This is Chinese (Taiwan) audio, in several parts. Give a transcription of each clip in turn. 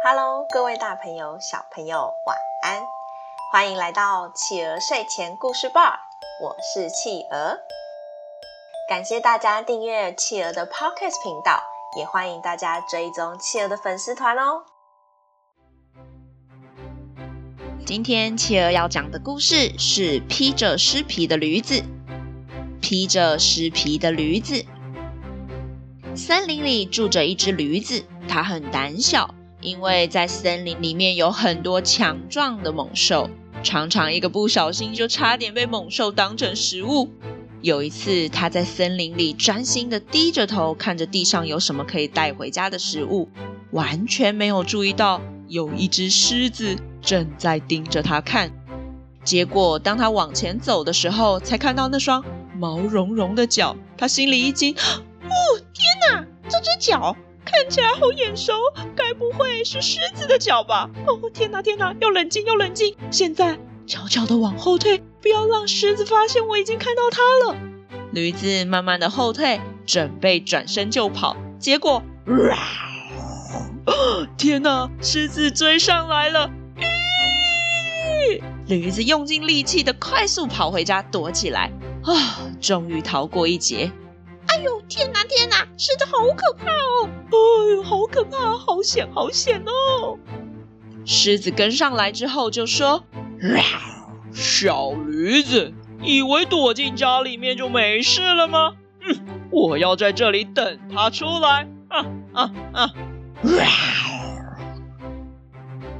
哈嘍，Hello, 各位大朋友、小朋友，晚安！歡迎來到企鵝睡前故事吧，我是企鵝。感謝大家訂閱企鵝的 Podcast 頻道，也歡迎大家追蹤企鵝的粉絲團哦。今天企鵝要講的故事是披《披着獅皮的驢子》。披着獅皮的驢子，森林裡住着一隻驢子，它很膽小。因為在森林裡面有很多強壯的猛獸，常常一個不小心就差點被猛獸當成食物。有一次，他在森林裡專心地低着頭看着地上有什麼可以帶回家的食物，完全沒有注意到有一隻獅子正在盯着他看。結果，當他往前走的時候，才看到那雙毛茸茸的腳，他心裡一驚：“哦，天哪！這隻腳看起來好眼熟。”該不會是獅子的腳吧？哦，天哪，天哪！要冷靜，要冷靜！現在悄悄地往後退，不要讓獅子發現我已經看到它了。驢子慢慢地後退，準備轉身就跑。結果，啊、呃！天哪，獅子追上來了！驢、呃、子用盡力氣的快速跑回家躲起來。啊，終於逃過一劫。哎呦天哪天哪，獅子好可怕哦！哎呦，好可怕，好險，好險哦！獅子跟上來之後就說：“小驢子，以為躲進家裡面就沒事了嗎？嗯，我要在這裡等他出來。”啊啊啊啊！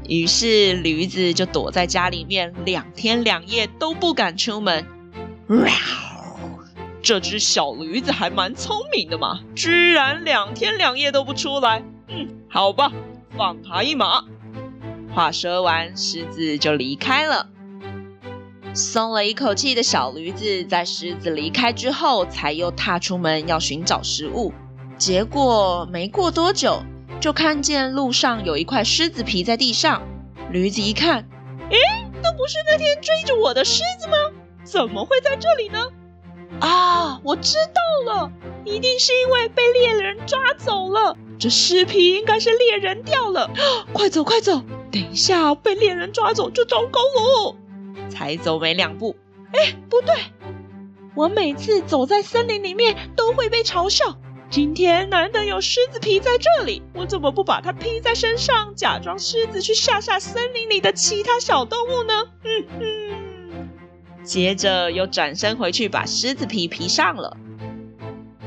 於是驢子就躲在家裡面，兩天兩夜都不敢出門。這隻小驢子還蠻聰明的嘛，居然兩天兩夜都不出來。嗯，好吧，放它一馬。話說完，獅子就離開了。鬆了一口氣的小驢子，在獅子離開之後，才又踏出門要尋找食物。結果沒過多久，就看見路上有一塊獅子皮在地上。驢子一看，哎，那不是那天追着我的獅子嗎？怎麼會在這裡呢？啊，我知道了，一定是因為被獵人抓走了。這獅皮應該是獵人掉了，啊、快走快走！等一下被獵人抓走就糟糕了。才走沒兩步，哎，不對，我每次走在森林裡面都會被嘲笑。今天難得有獅子皮在這裡，我怎麼不把它披在身上，假裝獅子去嚇嚇森林裡的其他小動物呢？嗯哼。嗯接着又轉身回去，把獅子皮披上了。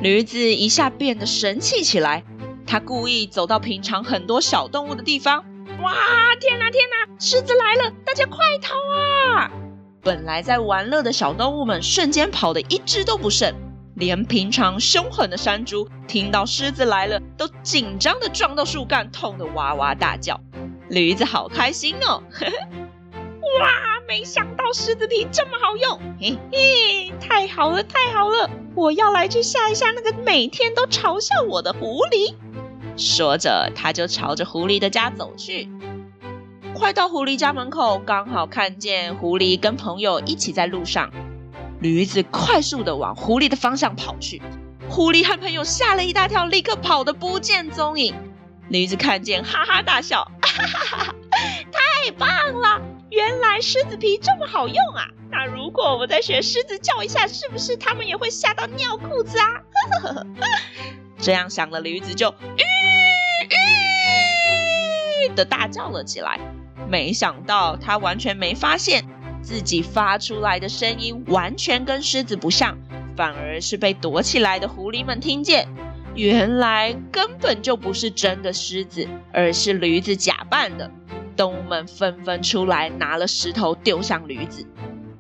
驢子一下變得神氣起來，它故意走到平常很多小動物的地方。哇！天哪，天哪，獅子來了！大家快逃啊！本來在玩樂的小動物們瞬間跑得一隻都不剩，連平常凶狠的山豬聽到獅子來了，都緊張地撞到樹幹，痛得哇哇大叫。驢子好開心哦！呵呵哇，沒想到獅子皮這麼好用，嘿嘿，太好了，太好了！我要來去嚇一嚇那個每天都嘲笑我的狐狸。說着，他就朝着狐狸的家走去。快到狐狸家門口，剛好看見狐狸跟朋友一起在路上。驢子快速地往狐狸的方向跑去，狐狸和朋友嚇了一大跳，立刻跑得不見蹤影。驢子看見，哈哈大笑，哈哈哈哈，太棒了！原來獅子皮這麼好用啊！那如果我再學獅子叫一下，是不是他們也會嚇到尿褲子啊？ 這樣想的驢子就“咦、呃、咦、呃”的大叫了起來。沒想到他完全沒發現，自己發出來的聲音完全跟獅子不像，反而是被躲起來的狐狸們聽見。原來根本就不是真的獅子，而是驢子假扮的。動物們紛紛出來，拿了石頭丟向驢子，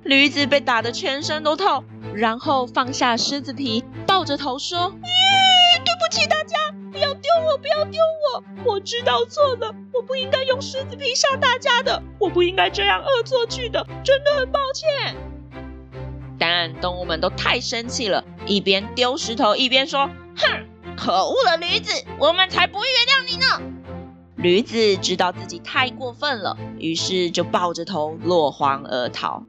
驢子被打得全身都痛，然後放下獅子皮，抱着頭說：“咦，對不起大家，不要丟我，不要丟我，我知道錯了，我不應該用獅子皮嚇大家的，我不應該這樣惡作劇的，真的很抱歉。”但動物們都太生氣了，一邊丟石頭一邊說：“哼，可惡的驢子，我們才不會原諒！”驢子知道自己太過分了，於是就抱着頭落荒而逃。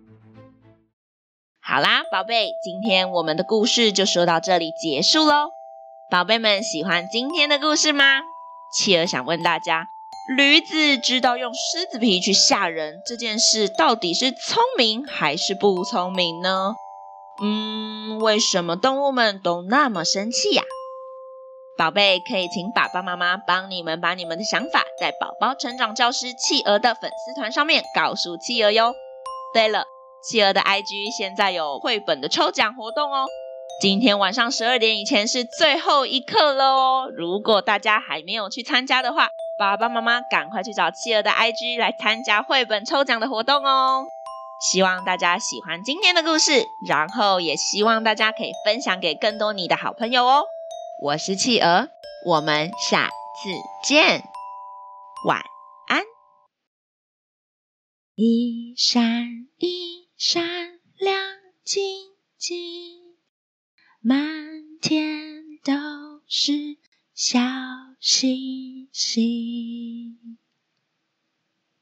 好啦，寶貝，今天我們的故事就說到這裡結束嘍。寶貝們喜歡今天的故事嗎？企鵝想問大家：驢子知道用獅子皮去嚇人這件事到底是聰明還是不聰明呢？嗯，為什麼動物們都那麼生氣呀、啊？寶貝，可以請爸爸媽媽幫你們把你們的想法在寶寶成長教師企鵝的粉絲團上面告訴企鵝喲。對了，企鵝的 IG 現在有繪本的抽獎活動哦，今天晚上十二點以前是最後一刻嘍。如果大家還沒有去參加的話，爸爸媽媽趕快去找企鵝的 IG 來參加繪本抽獎的活動哦。希望大家喜歡今天的故事，然後也希望大家可以分享給更多你的好朋友哦。我是企鵝，我們下次見，晚安。一閃一閃亮晶晶，滿天都是小星星。